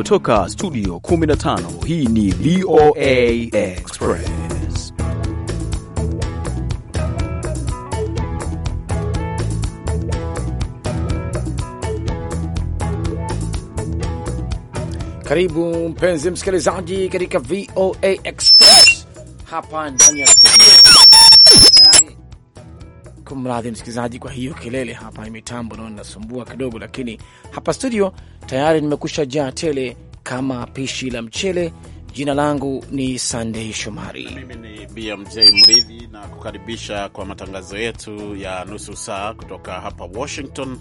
Kutoka studio 15 hii ni VOA Express. Karibu mpenzi msikilizaji katika VOA Express hapa ndani ya studio Kumradhi msikilizaji kwa hiyo kelele hapa, mitambo naona inasumbua kidogo, lakini hapa studio tayari nimekusha jaa tele kama pishi la mchele. Jina langu ni Sandei Shomari, mimi ni BMJ Mridhi na kukaribisha kwa matangazo yetu ya nusu saa kutoka hapa Washington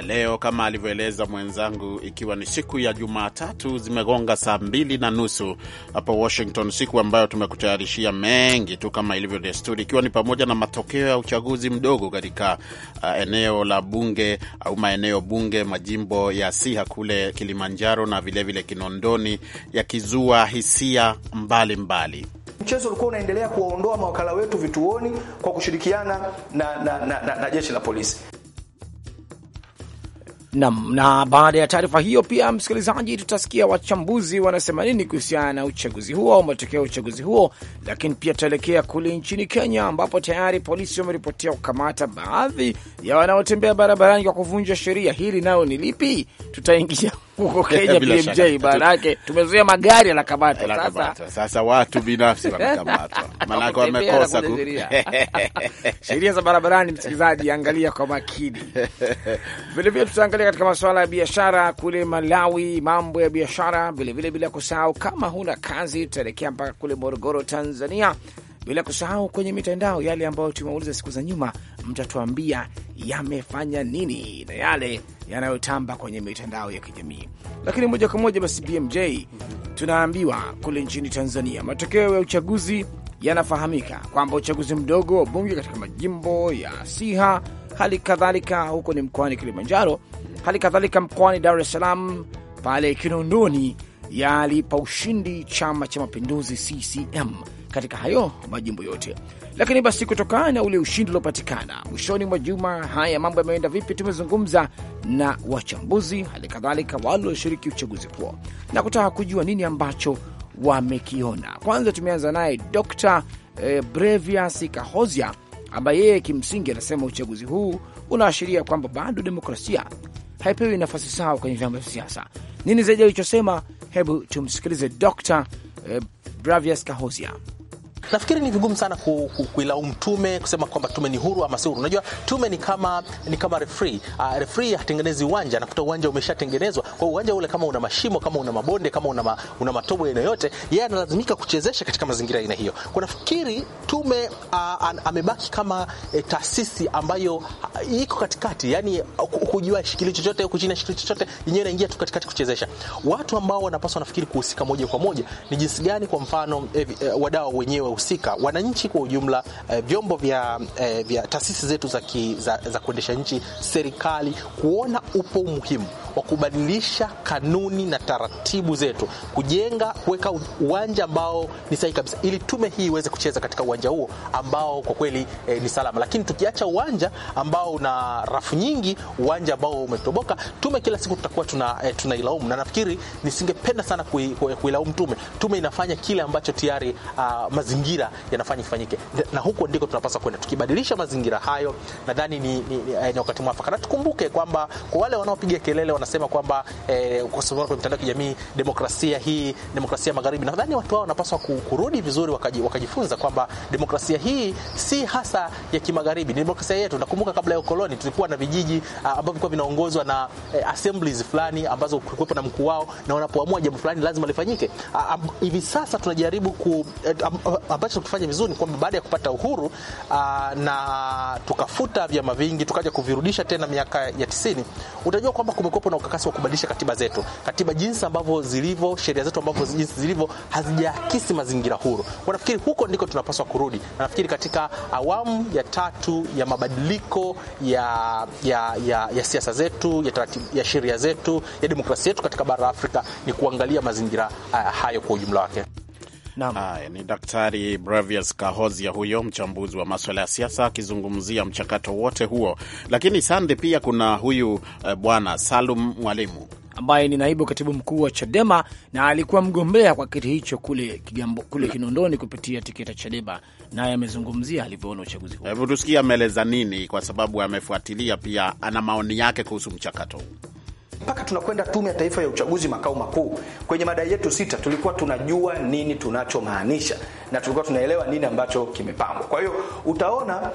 Leo kama alivyoeleza mwenzangu, ikiwa ni siku ya Jumatatu, zimegonga saa mbili na nusu hapa Washington, siku ambayo tumekutayarishia mengi tu kama ilivyo desturi, ikiwa ni pamoja na matokeo ya uchaguzi mdogo katika uh, eneo la bunge au maeneo bunge majimbo ya Siha kule Kilimanjaro na vilevile vile Kinondoni, yakizua hisia mbalimbali mbali. Mchezo ulikuwa unaendelea kuwaondoa mawakala wetu vituoni kwa kushirikiana na, na, na, na, na jeshi la polisi. Nam na, na baada ya taarifa hiyo pia, msikilizaji, tutasikia wachambuzi wanasema nini kuhusiana na uchaguzi huo au matokeo ya uchaguzi huo. Lakini pia tutaelekea kule nchini Kenya ambapo tayari polisi wameripotia kukamata baadhi ya wanaotembea barabarani kwa kuvunja sheria. Hili nalo ni lipi? Tutaingia huko Kenya BMJ, maanake tumezoea magari anakamata sasa sasa watu binafsi wanakamatwa, maanake wamekosa sheria za barabarani. Msikilizaji, angalia kwa makini. Vilevile tutaangalia katika masuala ya biashara kule Malawi, mambo ya biashara vilevile, bila kusahau kama huna kazi, tutaelekea mpaka kule Morogoro, Tanzania, bila kusahau kwenye mitandao, yale ambayo tumeuliza siku za nyuma mtatuambia yamefanya nini na yale yanayotamba kwenye mitandao ya kijamii. Lakini moja kwa moja basi, BMJ, tunaambiwa kule nchini Tanzania matokeo ya uchaguzi yanafahamika kwamba uchaguzi mdogo wa bunge katika majimbo ya Siha, hali kadhalika huko ni mkoani Kilimanjaro, hali kadhalika mkoani Dar es Salaam pale Kinondoni yalipa ushindi Chama cha Mapinduzi CCM katika hayo majimbo yote. Lakini basi kutokana na ule ushindi uliopatikana mwishoni mwa juma, haya mambo yameenda vipi? Tumezungumza na wachambuzi, hali kadhalika walioshiriki uchaguzi huo na kutaka kujua nini ambacho wamekiona. Kwanza tumeanza naye Dr eh, Brevias Kahozia ambaye yeye kimsingi anasema uchaguzi huu unaashiria kwamba bado demokrasia haipewi nafasi sawa kwenye vyama vya siasa. Nini zaidi alichosema? Hebu tumsikilize Dr eh, Bravias Kahozia. Nafikiri ni vigumu sana ku, ku, tume kusema kwamba tume ni huru ama si huru. Unajua tume ni kama ni kama referee. Uh, referee hatengenezi uwanja, anakuta uwanja umeshatengenezwa. Kwa hiyo uwanja ule kama una mashimo, kama una mabonde, kama una ma, una matobo aina yote, yeye analazimika kuchezesha katika mazingira aina hiyo. Kwa nafikiri tume uh, an, amebaki kama e, taasisi ambayo iko katikati, yani kujua shikili chochote huko chini shikili chochote, yenyewe inaingia tu katikati kuchezesha. Watu ambao wanapaswa nafikiri kuhusika moja kwa moja ni jinsi gani, kwa mfano eh, eh, wadau wenyewe wahusika, wananchi kwa ujumla, eh, vyombo vya, eh, vya taasisi zetu za, ki, za, za kuendesha nchi, serikali kuona upo umuhimu wa kubadilisha kanuni na taratibu zetu, kujenga kuweka uwanja ambao ni sahihi kabisa, ili tume hii iweze kucheza katika uwanja huo ambao kwa kweli eh, ni salama. Lakini tukiacha uwanja ambao una rafu nyingi, uwanja ambao umetoboka, tume kila siku tutakuwa tuna, eh, tunailaumu, na nafikiri nisingependa sana kuilaumu kui, kui tume. Tume inafanya kile ambacho tayari uh, mazingira mazingira yanafanya ifanyike, na huko ndiko tunapaswa kwenda. Tukibadilisha mazingira hayo, nadhani ni, ni, ni, eh, ni wakati mwafaka, na tukumbuke kwamba kwa wale wanaopiga kelele wanasema kwamba eh, kwa sababu kwa mitandao ya kijamii demokrasia hii demokrasia magharibi, nadhani watu hao wanapaswa kurudi vizuri, wakaji, wakajifunza kwamba demokrasia hii si hasa ya kimagharibi, ni demokrasia yetu. Nakumbuka kabla ya ukoloni tulikuwa na vijiji ah, ambavyo vilikuwa vinaongozwa na eh, assemblies fulani ambazo kulikuwa na mkuu wao, na wanapoamua jambo fulani lazima lifanyike. Ah, hivi sasa tunajaribu ku, eh, ambacho tukifanya vizuri ni kwamba baada ya kupata uhuru uh, na tukafuta vyama vingi tukaja kuvirudisha tena miaka ya tisini, utajua kwamba kumekuwepo na ukakasi wa kubadilisha katiba zetu, katiba jinsi ambavyo zilivyo, sheria zetu ambavyo jinsi zilivyo hazijaakisi mazingira huru. Nafikiri huko ndiko tunapaswa kurudi, na nafikiri katika awamu ya tatu ya mabadiliko ya, ya, ya, ya siasa zetu ya, ya sheria zetu ya demokrasia yetu katika bara la Afrika ni kuangalia mazingira uh, hayo kwa ujumla wake. Haya, ni Daktari Bravius Kahozia huyo mchambuzi wa maswala ya siasa akizungumzia mchakato wote huo. Lakini sande, pia kuna huyu eh, bwana Salum Mwalimu ambaye ni naibu katibu mkuu wa Chadema na alikuwa mgombea kwa kiti hicho kule Kigambo, kule Kinondoni kupitia tiketi ya Chadema, naye amezungumzia alivyoona uchaguzi huo. Hebu tusikie ameeleza nini, kwa sababu amefuatilia pia, ana maoni yake kuhusu mchakato huu mpaka tunakwenda Tume ya Taifa ya Uchaguzi makao makuu. Kwenye madai yetu sita tulikuwa tunajua nini tunachomaanisha na tulikuwa tunaelewa nini ambacho kimepangwa. Kwa hiyo utaona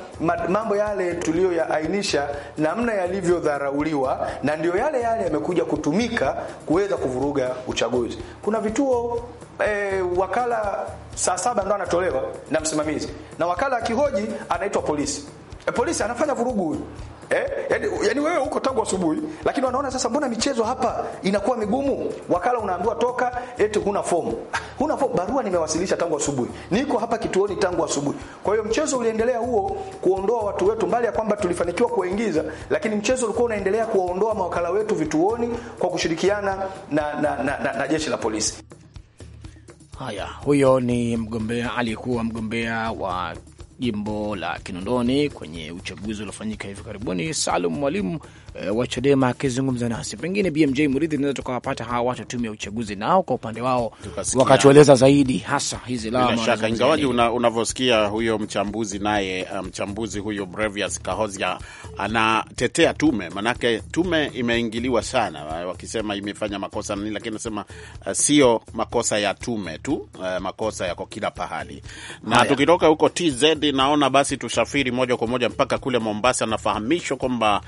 mambo yale tuliyoyaainisha, namna yalivyodharauliwa, na ndio yale yale yamekuja kutumika kuweza kuvuruga uchaguzi. Kuna vituo E, wakala saa saba ndo anatolewa na msimamizi, na wakala akihoji anaitwa polisi. E, polisi anafanya vurugu huyu. Eh? Yani, yani wewe huko tangu asubuhi, lakini wanaona sasa mbona michezo hapa inakuwa migumu? Wakala unaambiwa toka, eti huna fomu. Huna fomu, barua nimewasilisha tangu asubuhi. Niko hapa kituoni tangu asubuhi. Kwa hiyo mchezo uliendelea huo kuondoa watu wetu, mbali ya kwamba tulifanikiwa kuwaingiza, lakini mchezo ulikuwa unaendelea kuwaondoa mawakala wetu vituoni kwa kushirikiana na na, na, na, na, na jeshi la polisi. Haya, huyo ni mgombea aliyekuwa mgombea wa jimbo la Kinondoni kwenye uchaguzi uliofanyika hivi karibuni. Salum Mwalimu uh, wa Chadema akizungumza nasi. Pengine BMJ Murithi, naweza tukawapata hawa watu tume ya uchaguzi nao kwa upande wao wakatueleza zaidi hasa hizi lawama, ingawaji unavyosikia una huyo mchambuzi naye eh, mchambuzi huyo Brevius Kahozia anatetea tume, manake tume imeingiliwa sana, eh, wakisema imefanya makosa nini, lakini anasema uh, sio makosa ya tume tu, uh, makosa yako kila pahali na Haya. Tukitoka huko TZ naona basi tushafiri moja kwa moja mpaka kule Mombasa, nafahamishwa kwamba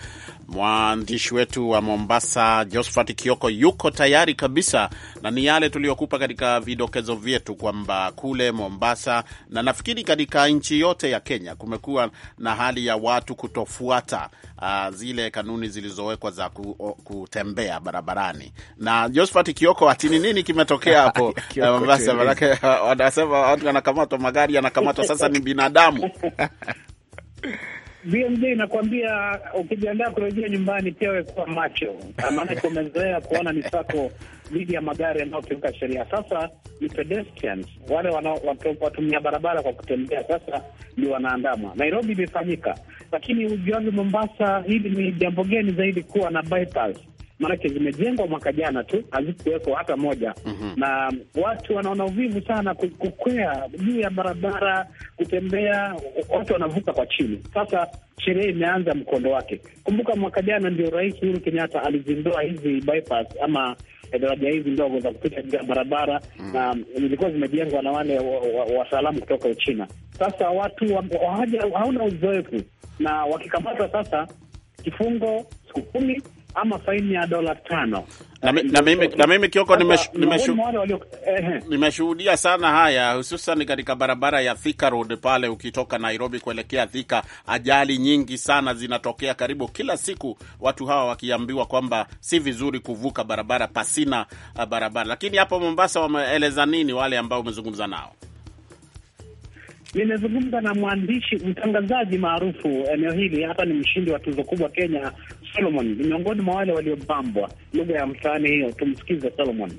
mwa mwandishi wetu wa Mombasa Josphat Kioko yuko tayari kabisa, na ni yale tuliyokupa katika vidokezo vyetu kwamba kule Mombasa na nafikiri katika nchi yote ya Kenya kumekuwa na hali ya watu kutofuata uh, zile kanuni zilizowekwa za ku, o, kutembea barabarani. Na Josphat Kioko, atini nini kimetokea hapo eh, Mombasa? Manake wanasema watu wanakamatwa, magari yanakamatwa, sasa ni binadamu BMJ nakwambia, ukijiandaa kurejea nyumbani pia wekuwa macho, maanake umezoea kuona misako dhidi ya magari yanayokiuka sheria. Sasa ni pedestrians, wale watumia barabara kwa kutembea, sasa ni wanaandamwa. Nairobi imefanyika, lakini ujuazi, Mombasa hili ni jambo geni zaidi kuwa na bypass maanake zimejengwa mwaka jana tu, hazikuwekwa hata moja mm -hmm. na watu wanaona uvivu sana kukwea juu ya barabara, kutembea, watu wanavuka kwa chini. Sasa sherehe imeanza mkondo wake. Kumbuka mwaka jana ndio Rais Uhuru Kenyatta alizindua hizi bypass ama daraja hizi ndogo za kupita juu ya barabara mm. na zilikuwa zimejengwa na wale wasalamu wa, wa kutoka Uchina. Sasa watu hawana uzoefu, na wakikamatwa sasa kifungo siku kumi ama faini ya dola tano. Na, mi, na mimi, na mimi Kioko, nimeshuhudia sana haya hususan katika barabara ya Thika Road pale ukitoka Nairobi kuelekea Thika. Ajali nyingi sana zinatokea karibu kila siku, watu hawa wakiambiwa kwamba si vizuri kuvuka barabara pasina eh, barabara. Lakini hapo Mombasa wameeleza nini wale ambao umezungumza nao? Nimezungumza na mwandishi mtangazaji maarufu eneo hili, hata ni mshindi wa tuzo kubwa Kenya, Solomon. Ni miongoni mwa wale waliopambwa lugha ya mtaani hiyo. Tumsikize Solomon.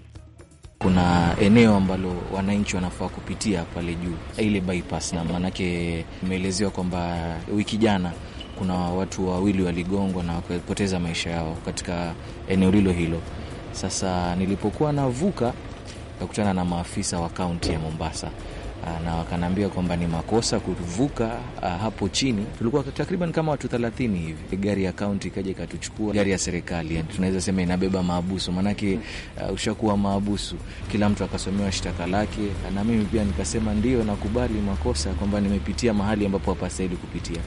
Kuna eneo ambalo wananchi wanafaa kupitia pale juu, ile bypass, na maanake imeelezewa kwamba wiki jana kuna watu wawili waligongwa na wakapoteza maisha yao katika eneo lilo hilo. Sasa nilipokuwa navuka, kakutana na maafisa wa kaunti ya Mombasa Ah, na wakanaambia kwamba ni makosa kuvuka ah, hapo chini. Tulikuwa takriban kama watu thelathini hivi, e, gari ya kaunti ikaja ikatuchukua, gari ya serikali yani, tunaweza sema inabeba maabusu, maanake uh, ah, ushakuwa maabusu. Kila mtu akasomewa shtaka lake, na mimi pia nikasema ndio, nakubali makosa kwamba nimepitia mahali ambapo hapastahili kupitia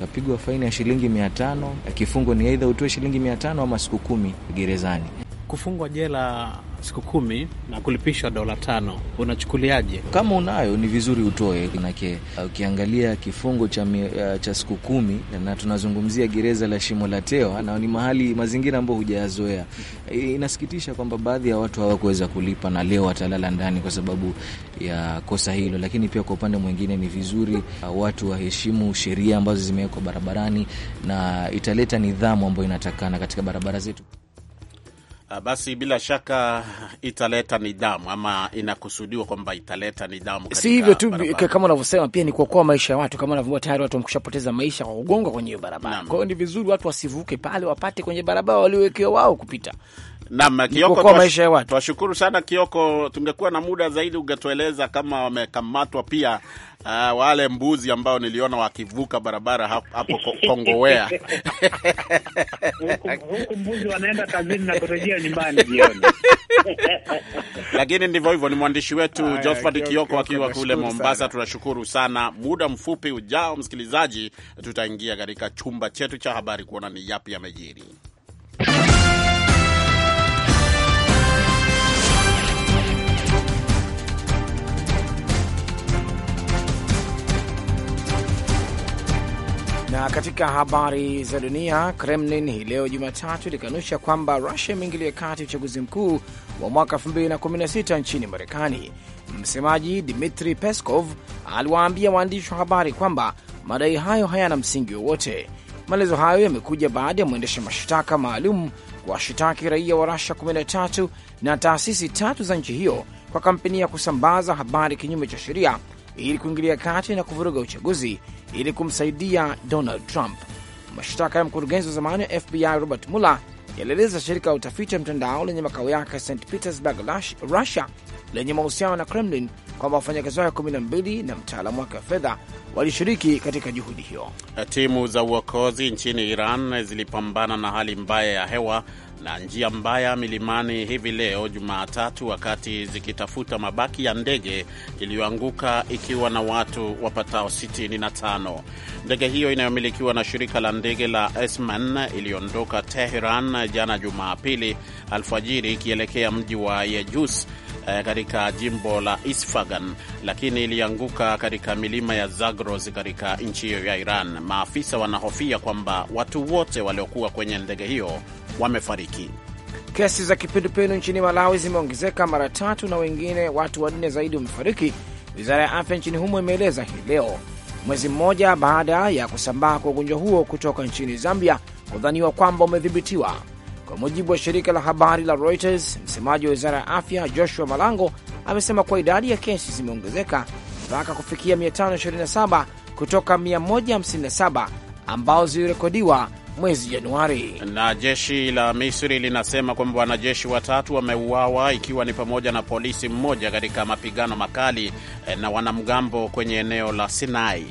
kapigwa faini ya shilingi mia tano. Kifungo ni aidha utoe shilingi mia tano ama siku kumi gerezani. Kufungwa jela siku kumi na kulipishwa dola tano. Unachukuliaje? Kama unayo ni vizuri utoe, manake uh, ukiangalia kifungo cha, uh, cha siku kumi na tunazungumzia gereza la Shimo la Tewa na ni mahali mazingira ambayo hujayazoea. Inasikitisha kwamba baadhi ya watu hawakuweza kulipa na leo watalala ndani kwa sababu ya kosa hilo, lakini pia kwa upande mwingine ni vizuri uh, watu waheshimu sheria ambazo zimewekwa barabarani na italeta nidhamu ambayo inatakana katika barabara zetu. Ah, basi bila shaka italeta nidhamu ama inakusudiwa kwamba italeta nidhamu. Si hivyo tu kama unavyosema pia ni kuokoa maisha ya watu, kama unavyoona tayari watu wamekushapoteza maisha kwa kugonga kwenye hiyo barabara. Kwa hiyo ni vizuri watu wasivuke pale, wapate kwenye barabara waliowekewa wao kupita. Naam, Kioko, maisha ya watu. Twashukuru sana Kioko, tungekuwa na muda zaidi ungetueleza kama wamekamatwa pia Uh, wale mbuzi ambao niliona wakivuka barabara hapo Kongowea Lakini ndivyo hivyo, ni mwandishi wetu Josephat Kioko akiwa kule Mombasa. Tunashukuru sana. Muda mfupi ujao, msikilizaji, tutaingia katika chumba chetu cha habari kuona ni yapi yamejiri. Na katika habari za dunia, Kremlin hii leo Jumatatu ilikanusha kwamba Rusia imeingilia kati uchaguzi mkuu wa mwaka 2016 nchini Marekani. Msemaji Dmitri Peskov aliwaambia waandishi wa habari kwamba madai hayo hayana msingi wowote. Maelezo hayo yamekuja baada ya mwendesha mashtaka maalum kuwashitaki raia wa Rusia 13 na taasisi tatu za nchi hiyo kwa kampeni ya kusambaza habari kinyume cha sheria ili kuingilia kati na kuvuruga uchaguzi ili kumsaidia Donald Trump. Mashtaka ya mkurugenzi wa zamani wa FBI Robert Mueller yalieleza shirika la utafiti wa mtandao lenye makao yake St Petersburg, Russia, lenye mahusiano na Kremlin kwamba wafanyakazi wake 12 na mtaalamu wake wa fedha walishiriki katika juhudi hiyo. Timu za uokozi nchini Iran zilipambana na hali mbaya ya hewa na njia mbaya milimani hivi leo Jumatatu, wakati zikitafuta mabaki ya ndege iliyoanguka ikiwa na watu wapatao 65. Ndege hiyo inayomilikiwa na shirika la ndege la Esman iliondoka Teheran jana Jumapili alfajiri ikielekea mji wa Yejus eh, katika jimbo la Isfagan, lakini ilianguka katika milima ya Zagros katika nchi hiyo ya Iran. Maafisa wanahofia kwamba watu wote waliokuwa kwenye ndege hiyo wamefariki. Kesi za kipindupindu nchini Malawi zimeongezeka mara tatu na wengine watu wanne zaidi wamefariki, wizara ya afya nchini humo imeeleza hii leo, mwezi mmoja baada ya kusambaa kwa ugonjwa huo kutoka nchini Zambia kudhaniwa kwamba umedhibitiwa. Kwa mujibu wa shirika la habari la Reuters, msemaji wa wizara ya afya Joshua Malango amesema kuwa idadi ya kesi zimeongezeka mpaka kufikia 527 kutoka 157 ambao zilirekodiwa mwezi Januari. Na jeshi la Misri linasema kwamba wanajeshi watatu wameuawa ikiwa ni pamoja na polisi mmoja katika mapigano makali eh, na wanamgambo kwenye eneo la Sinai.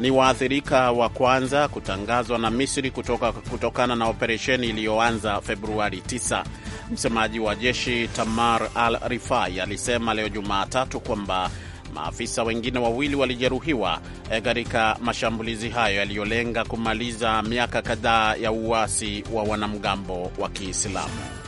Ni waathirika wa kwanza kutangazwa na Misri kutoka, kutokana na operesheni iliyoanza Februari 9. Msemaji wa jeshi Tamar Al Rifai alisema leo Jumatatu kwamba Maafisa wengine wawili walijeruhiwa eh, katika mashambulizi hayo yaliyolenga kumaliza miaka kadhaa ya uasi wa wanamgambo wa Kiislamu.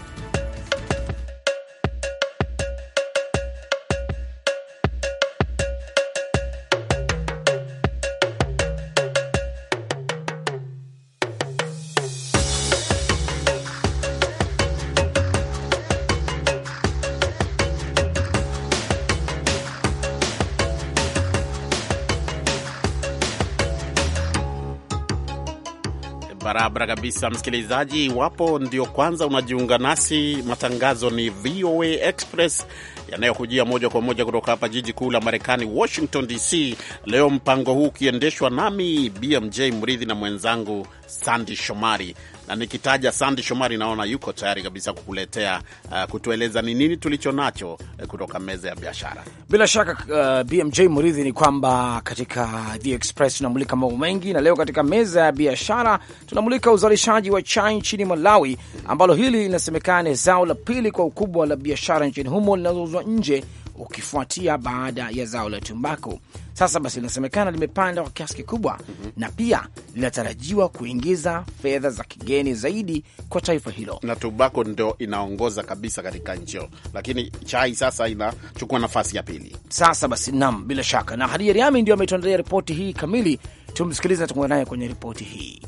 barabara kabisa, msikilizaji. Iwapo ndio kwanza unajiunga nasi, matangazo ni VOA Express yanayokujia moja kwa moja kutoka hapa jiji kuu la Marekani, Washington DC. Leo mpango huu ukiendeshwa nami BMJ Mridhi na mwenzangu Sandi Shomari, na nikitaja Sandi Shomari naona yuko tayari kabisa kukuletea uh, kutueleza ni nini tulicho nacho uh, kutoka meza ya biashara. Bila shaka uh, BMJ Muridhi, ni kwamba katika The Express tunamulika mambo mengi, na leo katika meza ya biashara tunamulika uzalishaji wa chai nchini Malawi, ambalo hili linasemekana ni zao la pili kwa ukubwa la biashara nchini humo linazouzwa nje, ukifuatia baada ya zao la tumbaku. Sasa basi linasemekana limepanda kwa kiasi kikubwa mm -hmm. na pia linatarajiwa kuingiza fedha za kigeni zaidi kwa taifa hilo, na tobako ndo inaongoza kabisa katika nchi hiyo, lakini chai sasa inachukua nafasi ya pili. Sasa basi, nam, bila shaka na Hadija Riami ndio ametuandalia ripoti hii kamili. Tumsikilize na naye kwenye ripoti hii.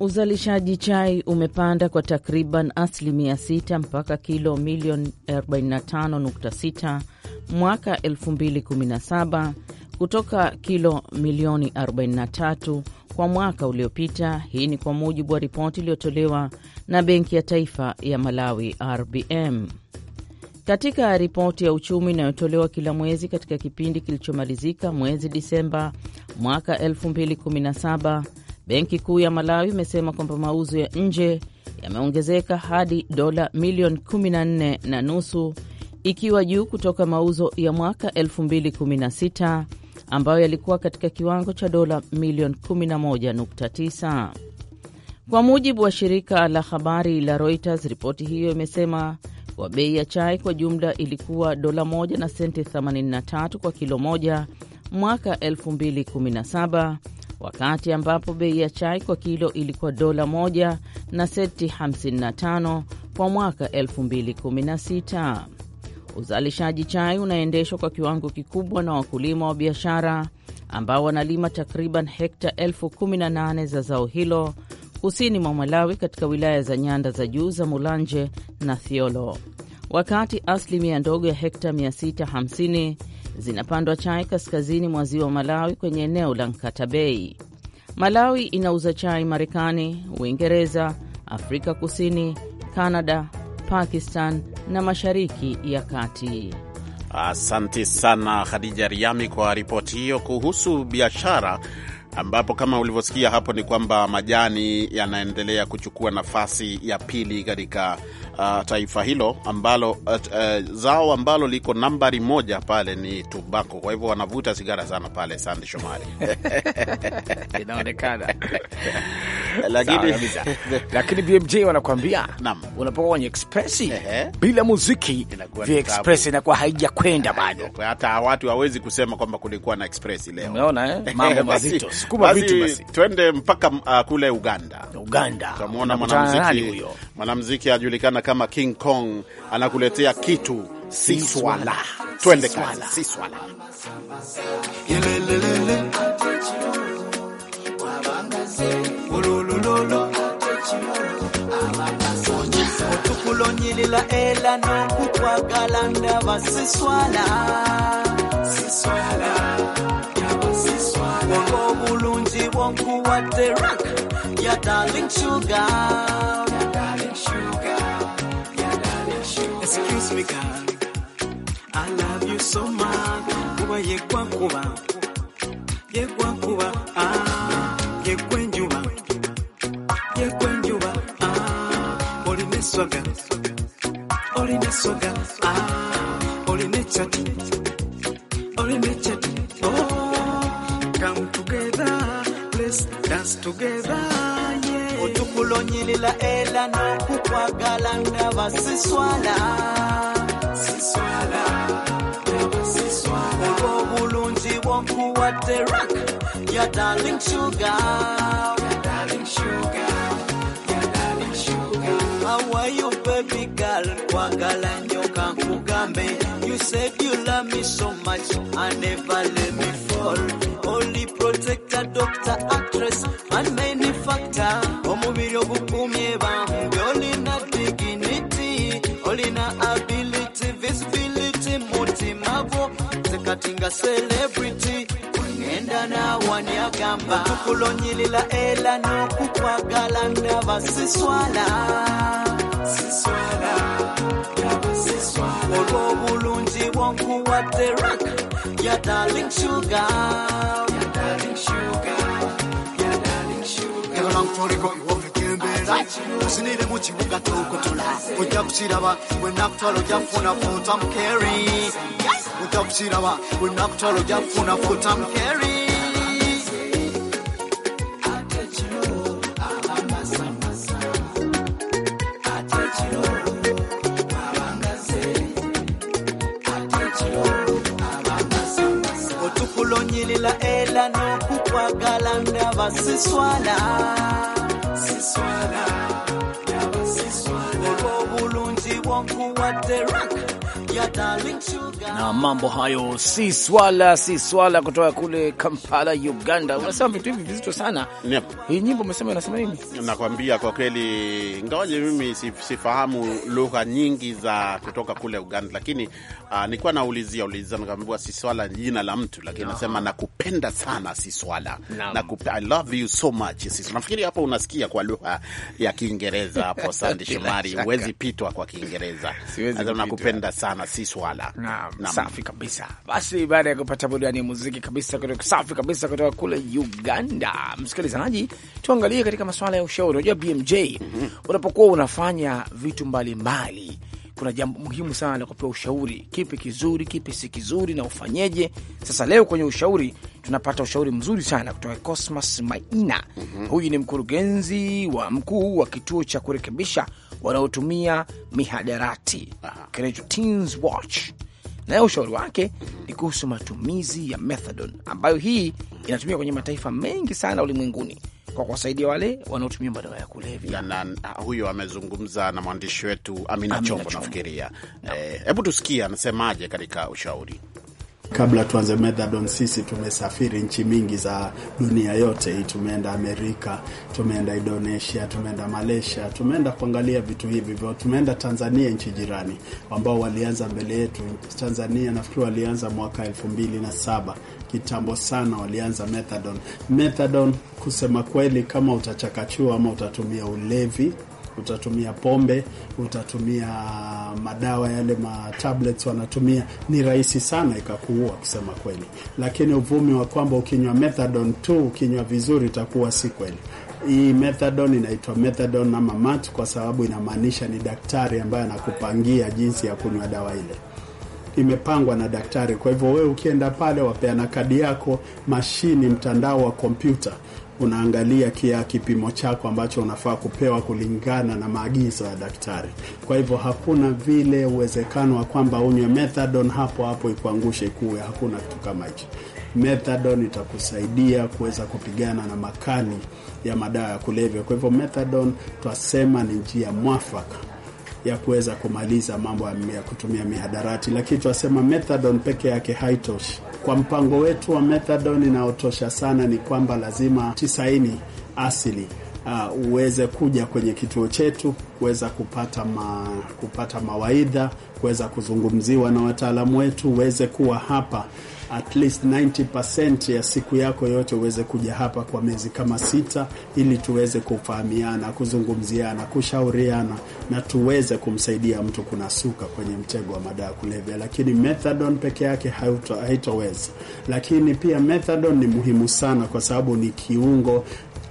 Uzalishaji chai umepanda kwa takriban asilimia 6 mpaka kilo milioni 45.6 mwaka 2017 kutoka kilo milioni 43 kwa mwaka uliopita. Hii ni kwa mujibu wa ripoti iliyotolewa na Benki ya Taifa ya Malawi, RBM. Katika ripoti ya uchumi inayotolewa kila mwezi katika kipindi kilichomalizika mwezi Disemba mwaka 2017, Benki Kuu ya Malawi imesema kwamba mauzo ya nje yameongezeka hadi dola milioni 14 na nusu, ikiwa juu kutoka mauzo ya mwaka ambayo yalikuwa katika kiwango cha dola milioni 11.9 kwa mujibu wa shirika la habari la Reuters. Ripoti hiyo imesema kwa bei ya chai kwa jumla ilikuwa dola moja na senti 83 kwa kilo moja mwaka 2017 wakati ambapo bei ya chai kwa kilo ilikuwa dola moja na senti 55 kwa mwaka 2016. Uzalishaji chai unaendeshwa kwa kiwango kikubwa na wakulima wa biashara ambao wanalima takriban hekta elfu kumi na nane za zao hilo kusini mwa Malawi, katika wilaya za nyanda za juu za Mulanje na Thiolo, wakati asilimia ndogo ya hekta 650 zinapandwa chai kaskazini mwa ziwa Malawi, kwenye eneo la nkatabei Malawi inauza chai Marekani, Uingereza, Afrika Kusini, Kanada, Pakistan na Mashariki ya Kati. Asante sana Khadija Riami kwa ripoti hiyo kuhusu biashara, ambapo kama ulivyosikia hapo ni kwamba majani yanaendelea kuchukua nafasi ya pili katika uh, taifa hilo ambalo uh, uh, zao ambalo liko nambari moja pale ni tobako. Kwa hivyo wanavuta sigara sana pale, Sandi Shomari inaonekana lakini lakini BMJ wanakwambia unapokuwa kwenye express bila muziki vya express inakuwa kwenda bado, hata watu hawezi kusema kwamba kulikuwa na express leo. Umeona eh? mambo mazito, sukuma vitu basi, twende mpaka uh, kule Uganda. Uganda tunamuona mwanamuziki huyo, mwanamuziki ajulikana kama King Kong anakuletea kitu si swala. Twende kazi, si swala kulonyilila ela nokukwagalandaba siswala bongo obulungi bwonkuwadde rak ya darling sugar Excuse me girl, I love you so much. Kuba yekwa kuba, yekwa kuba, ah, yekwenjuba, yekwenjuba, ah, oline swaga, oline swaga, ah, oline chati, oline chati, oh, come together, let's dance together ulonyilila ela nokukwagala ndaba siswala olw'obulungi bw'okuwadde rak ya darling sugar awayo baby girl kwagala nnyo kankugambe you said you love me so much i never let me fall only protector doctor actress and manufacturer nga celebrity ngenda nawani agamba tukulonyirira era n'okukwagala ndaba siswala olw'obulungi bwonkuwadde rak ya darling sugar darling along, ya darling you kugenda tuzinire mu kibuga tokotola ojja kukiraba wenakutwala ojja kufuna fota mukeri ojja kukiraba wenakutwala ojja kufuna fota mukeri otukulonyilila ela nokukwagalanga basiswala basiswala obulungi bw'okuwadde raka na mambo hayo, si swala si swala, kutoka kule Kampala, Uganda. Unasema vitu hivi vizito sana. Yep. Hii nyimbo umesema inasema nini? Nakwambia kwa kweli, ingawaje mimi sifahamu lugha nyingi za kutoka kule Uganda, lakini uh, ah, nikuwa naulizia ulizia, nikaambiwa si swala jina la mtu, lakini nasema nakupenda sana si swala no. I love you so much si swala. Nafikiri hapo unasikia kwa lugha ya Kiingereza hapo Sandi Shomari, huwezi pitwa kwa Kiingereza, nakupenda sana kama si swala. Naam, safi kabisa. Basi baada ya kupata burudani ya muziki kabisa kutoka safi kabisa kutoka kule Uganda, msikilizaji, tuangalie katika masuala ya ushauri. Unajua BMJ, mm -hmm. unapokuwa unafanya vitu mbalimbali mbali kuna jambo muhimu sana la kupewa ushauri, kipi kizuri, kipi si kizuri na ufanyeje. Sasa leo kwenye ushauri tunapata ushauri mzuri sana kutoka Cosmas Maina. mm -hmm. Huyu ni mkurugenzi wa mkuu wa kituo cha kurekebisha wanaotumia mihadarati kinacho Teens Watch, nayo ushauri wake ni kuhusu matumizi ya methadone ambayo hii inatumika kwenye mataifa mengi sana ulimwenguni kwa kuwasaidia wale wanaotumia madawa ya kulevya. Huyo amezungumza na mwandishi wetu Amina, Amina Chombo, Chombo. Nafikiria eh, hebu no. E, tusikie anasemaje katika ushauri Kabla tuanze methadone, sisi tumesafiri nchi mingi za dunia yote hii. Tumeenda Amerika, tumeenda Indonesia, tumeenda Malaysia, tumeenda kuangalia vitu hivi vyo. Tumeenda Tanzania, nchi jirani ambao walianza mbele yetu. Tanzania nafikiri walianza mwaka elfu mbili na saba kitambo sana, walianza methadone. Methadone kusema kweli, kama utachakachua ama utatumia ulevi utatumia pombe, utatumia madawa yale ma tablets wanatumia. Ni rahisi sana ikakuua kusema kweli, lakini uvumi wa kwamba ukinywa methadone tu ukinywa vizuri itakuwa si kweli. Hii methadone inaitwa methadone ama mat kwa sababu inamaanisha ni daktari ambaye anakupangia jinsi ya kunywa dawa ile imepangwa na daktari. Kwa hivyo wewe ukienda pale, wapeana kadi yako, mashini, mtandao wa kompyuta unaangalia kia kipimo chako ambacho unafaa kupewa kulingana na maagizo ya daktari. Kwa hivyo hakuna vile uwezekano wa kwamba unywe methadone hapo hapo ikuangushe kuwe, hakuna kitu kama hicho. Methadone itakusaidia kuweza kupigana na makali ya madawa ya kulevya. Kwa hivyo methadone twasema ni njia mwafaka ya kuweza kumaliza mambo ya kutumia mihadarati, lakini twasema methadone peke yake haitoshi kwa mpango wetu wa methadone inaotosha sana ni kwamba lazima tisaini asili uh, uweze kuja kwenye kituo chetu kuweza kupata ma, kupata mawaidha, kuweza kuzungumziwa na wataalamu wetu, uweze kuwa hapa at least 90% ya siku yako yote uweze kuja hapa kwa miezi kama sita, ili tuweze kufahamiana, kuzungumziana, kushauriana na tuweze kumsaidia mtu kunasuka kwenye mtego wa madawa kulevya. Lakini methadone peke yake haitoweza. Lakini pia methadone ni muhimu sana, kwa sababu ni kiungo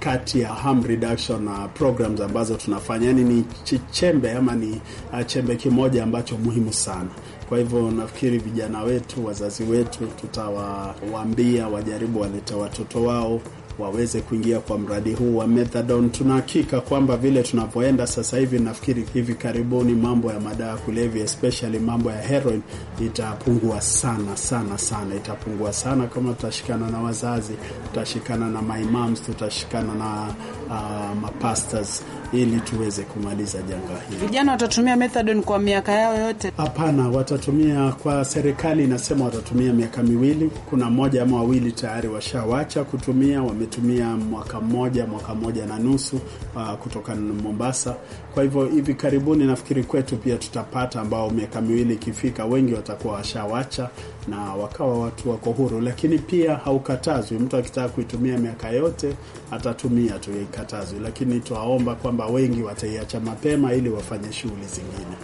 kati ya harm reduction na programs ambazo tunafanya, yani ni chichembe ama ni ah, chembe kimoja ambacho muhimu sana. Kwa hivyo nafikiri vijana wetu, wazazi wetu, tutawaambia wajaribu walete watoto wao waweze kuingia kwa mradi huu wa methadone. Tunahakika kwamba vile tunavyoenda sasa hivi, nafikiri hivi karibuni mambo ya madawa kulevya, especially mambo ya heroin itapungua sana sana sana, itapungua sana kama tutashikana na wazazi, tutashikana na maimamu, tutashikana na uh, mapastas ili tuweze kumaliza janga hili. Vijana watatumia methadone kwa miaka yao yote? Hapana, watatumia kwa serikali inasema watatumia miaka miwili. Kuna mmoja ama wawili tayari washawacha kutumia, wametumia mwaka mmoja, mwaka mmoja na nusu uh, kutoka Mombasa. Kwa hivyo hivi karibuni nafikiri kwetu pia tutapata ambao miaka miwili ikifika, wengi watakuwa washawacha na wakawa watu wako huru, lakini pia haukatazwi. Mtu akitaka kuitumia miaka yote atatumia tu katazo, lakini twaomba kwamba wengi wataiacha mapema ili wafanye shughuli zingine.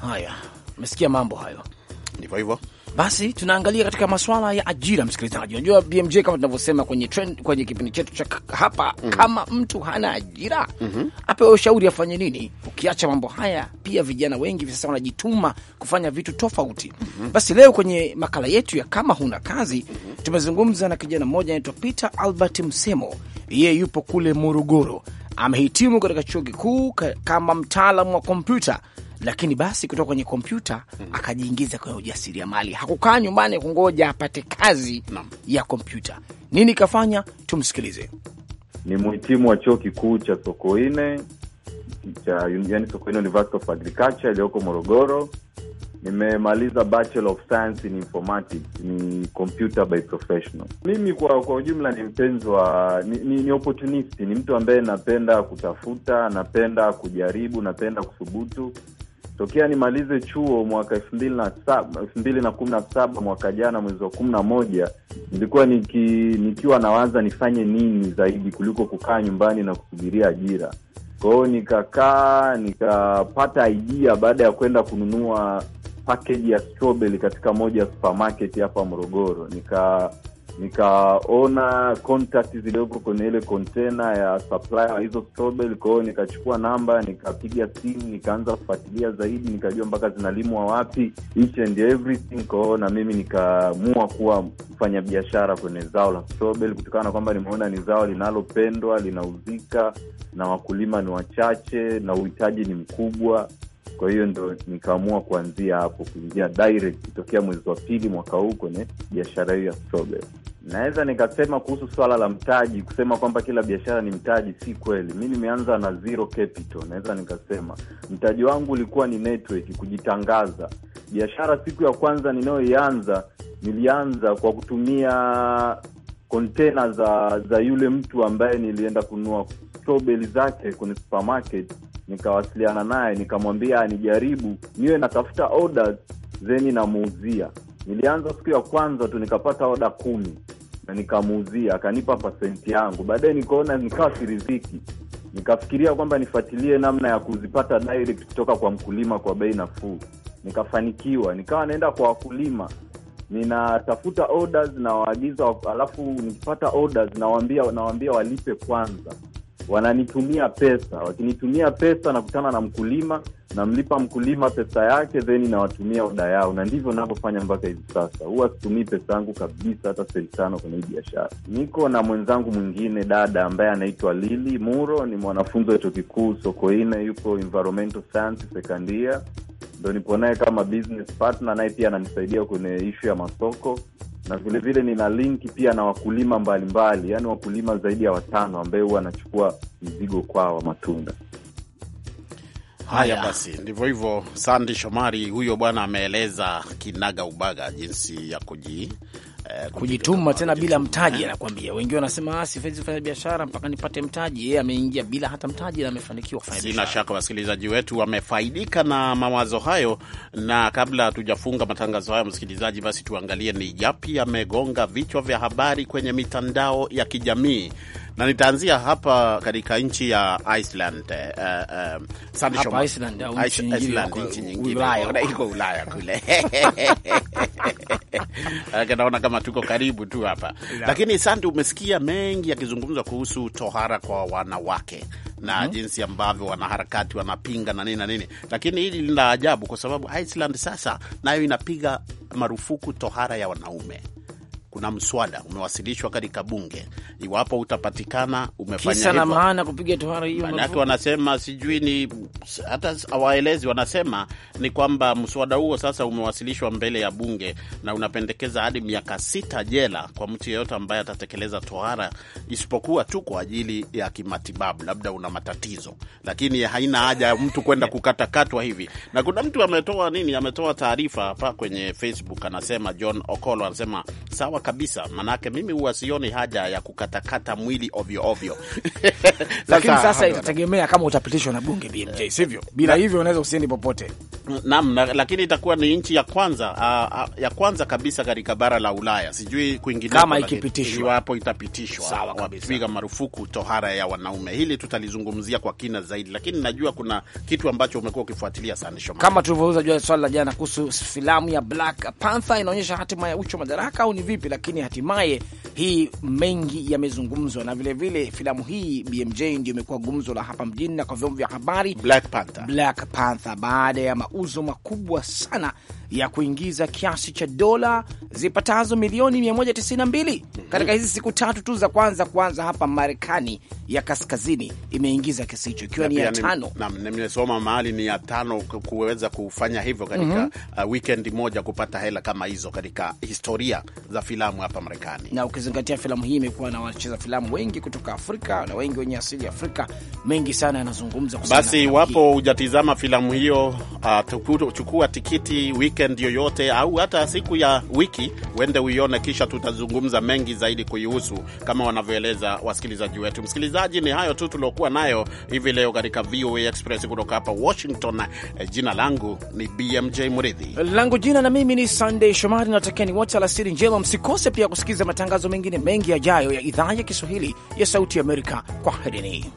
Haya, umesikia mambo hayo, ndivyo hivyo. Basi tunaangalia katika maswala ya ajira, msikilizaji. Unajua BMJ, kama tunavyosema kwenye trend, kwenye kipindi chetu cha hapa mm -hmm. kama mtu hana ajira mm -hmm. apewe ushauri afanye nini. Ukiacha mambo haya, pia vijana wengi sasa wanajituma kufanya vitu tofauti mm -hmm. Basi leo kwenye makala yetu ya kama huna kazi mm -hmm. tumezungumza na kijana mmoja anaitwa Peter Albert Msemo, yeye yupo kule Morogoro, amehitimu katika chuo kikuu kama mtaalamu wa kompyuta lakini basi kutoka kwenye kompyuta mm -hmm. akajiingiza kwenye ujasiriamali, hakukaa nyumbani kungoja apate kazi mm ya kompyuta. Nini kafanya? Tumsikilize. Ni mhitimu wa chuo kikuu cha Sokoine cha yani Sokoine University of Agriculture iliyoko Morogoro. Nimemaliza bachelor of science in informatics, ni computer by professional. Mimi kwa kwa ujumla ni mpenzi wa ni, ni, ni opportunist, ni mtu ambaye napenda kutafuta, napenda kujaribu, napenda kuthubutu tokea nimalize chuo mwaka elfu mbili na saba elfu mbili na kumi na saba mwaka jana mwezi wa kumi na moja nilikuwa niki, nikiwa nawaza nifanye nini zaidi kuliko kukaa nyumbani na kusubiria ajira. Kwa nikakaa nikapata idea baada ya kwenda kununua pakeji ya strawberry katika moja ya supermarket hapa Morogoro, nika nikaona contact ziliyoko kwenye ile kontena ya supplier wa hizo strawberry. Kwa hiyo nikachukua namba, nikapiga simu, nikaanza kufuatilia zaidi, nikajua mpaka zinalimwa wapi, each and everything. Kwa hiyo na mimi nikaamua kuwa mfanyabiashara kwenye zao la strawberry, kutokana na kwamba nimeona ni zao linalopendwa, linauzika na wakulima ni wachache na uhitaji ni mkubwa. Kwa hiyo ndo nikaamua kuanzia hapo, kuingia direct kutokea mwezi wa pili mwaka huu kwenye biashara hiyo ya strawberry. Naweza nikasema kuhusu swala la mtaji, kusema kwamba kila biashara ni mtaji, si kweli. Mi nimeanza na zero capital, naweza nikasema mtaji wangu ulikuwa ni network, kujitangaza. Biashara siku ya kwanza ninayoianza, nilianza kwa kutumia kontena za za yule mtu ambaye nilienda kununua strawberry zake kwenye supermarket. Nikawasiliana naye nikamwambia anijaribu, niwe natafuta orders, then namuuzia. Nilianza siku ya kwanza tu nikapata oda kumi na nikamuuzia, akanipa pasenti yangu. Baadaye nikaona nikawa siriziki, nikafikiria kwamba nifuatilie namna ya kuzipata direct kutoka kwa mkulima kwa bei nafuu. Nikafanikiwa, nikawa naenda kwa wakulima ninatafuta orders na waagiza, alafu nikipata orders nawaambia nawaambia walipe kwanza wananitumia pesa. Wakinitumia pesa, nakutana na mkulima, namlipa mkulima pesa yake, then nawatumia oda yao, na ndivyo navyofanya mpaka hivi sasa. Huwa situmii pesa yangu kabisa, hata senti tano kwenye hii biashara. Niko na mwenzangu mwingine dada ambaye anaitwa Lili Muro, ni mwanafunzi wa chuo kikuu Sokoine, yupo environmental science sekandia, ndo nipo naye kama business partner, naye pia ananisaidia kwenye ishu ya masoko na vilevile nina linki pia na wakulima mbalimbali mbali, yaani wakulima zaidi ya watano ambaye huwa anachukua mzigo kwao wa matunda. Haya basi, ndivyo hivyo. Sandi Shomari huyo bwana ameeleza kinaga ubaga jinsi ya kuji Eh, kujituma tena bila mtaji. Anakuambia wengi wanasema ah, siwezi kufanya biashara mpaka nipate mtaji. Yeye ameingia bila hata mtaji na amefanikiwa kufanya biashara. Sina shaka wasikilizaji wetu wamefaidika na mawazo hayo, na kabla hatujafunga matangazo hayo, msikilizaji, basi tuangalie ni yapi yamegonga vichwa vya habari kwenye mitandao ya kijamii na nitaanzia hapa katika nchi ya Iceland, eh, eh, nchi nyingine iko Ulaya kule eh, naona kama tuko karibu tu hapa lakini, sante, umesikia mengi yakizungumzwa kuhusu tohara kwa wanawake na mm -hmm. jinsi ambavyo wanaharakati wanapinga na nini na nini, lakini hili lina ajabu kwa sababu Iceland sasa nayo inapiga marufuku tohara ya wanaume kuna mswada umewasilishwa katika bunge, iwapo utapatikana umefanya maana kupiga tohara hiyo, manake wanasema sijui ni hata awaelezi, wanasema ni kwamba mswada huo sasa umewasilishwa mbele ya bunge na unapendekeza hadi miaka sita jela kwa mtu yeyote ambaye atatekeleza tohara, isipokuwa tu kwa ajili ya kimatibabu, labda una matatizo, lakini haina haja ya mtu kwenda kukatakatwa hivi. Na kuna mtu ametoa nini, ametoa taarifa hapa kwenye Facebook, anasema John Okolo anasema sawa kabisa, manake mimi huwa sioni haja ya kukatakata mwili ovyo ovyo. Lakini sasa itategemea kama utapitishwa na bunge BMJ, eh. sivyo? Bila hivyo unaweza usiendi popote. Naam, lakini itakuwa ni nchi ya kwanza a, a, ya kwanza kabisa katika bara la Ulaya, sijui kwingineko, kama ikipitishwa, iwapo itapitishwa, kupiga marufuku tohara ya wanaume. Hili tutalizungumzia kwa kina zaidi, lakini najua kuna kitu ambacho umekuwa ukifuatilia sana Shoma, kama tulivyouza jua swali la jana kuhusu filamu ya Black Panther inaonyesha hatima ya ucho madaraka au ni vipi, lakini hatimaye hii mengi yamezungumzwa, na vilevile vile, filamu hii BMJ ndio imekuwa gumzo la hapa mjini na kwa vyombo vya habari Black Panther, Black Panther baada ya ma mauzo makubwa sana ya kuingiza kiasi cha dola zipatazo milioni 192 katika hizi siku tatu tu za kwanza kuanza hapa Marekani ya kaskazini imeingiza kiasi hicho, ikiwa ni ya tano. nimesoma mahali ni ya tano kuweza kufanya hivyo katika mm -hmm. uh, weekend moja kupata hela kama hizo katika historia za filamu hapa Marekani, na ukizingatia filamu hii imekuwa na wacheza filamu wengi kutoka Afrika na wengi wenye asili ya Afrika, mengi sana yanazungumza. Basi iwapo hujatizama filamu hiyo, uh, chukua tikiti weekend yoyote au hata siku ya wiki uende uione, kisha tutazungumza mengi zaidi kuihusu kama wanavyoeleza wasikilizaji wetu. Msikilizaji, ni hayo tu tuliokuwa nayo hivi leo katika VOA Express kutoka hapa Washington. Eh, jina langu ni BMJ Mridhi, langu jina na mimi ni Sunday Shomari. Natakieni wote alasiri njema, msikose pia kusikiliza matangazo mengine mengi yajayo ya idhaa ya Kiswahili ya Sauti ya Amerika. Kwaherini.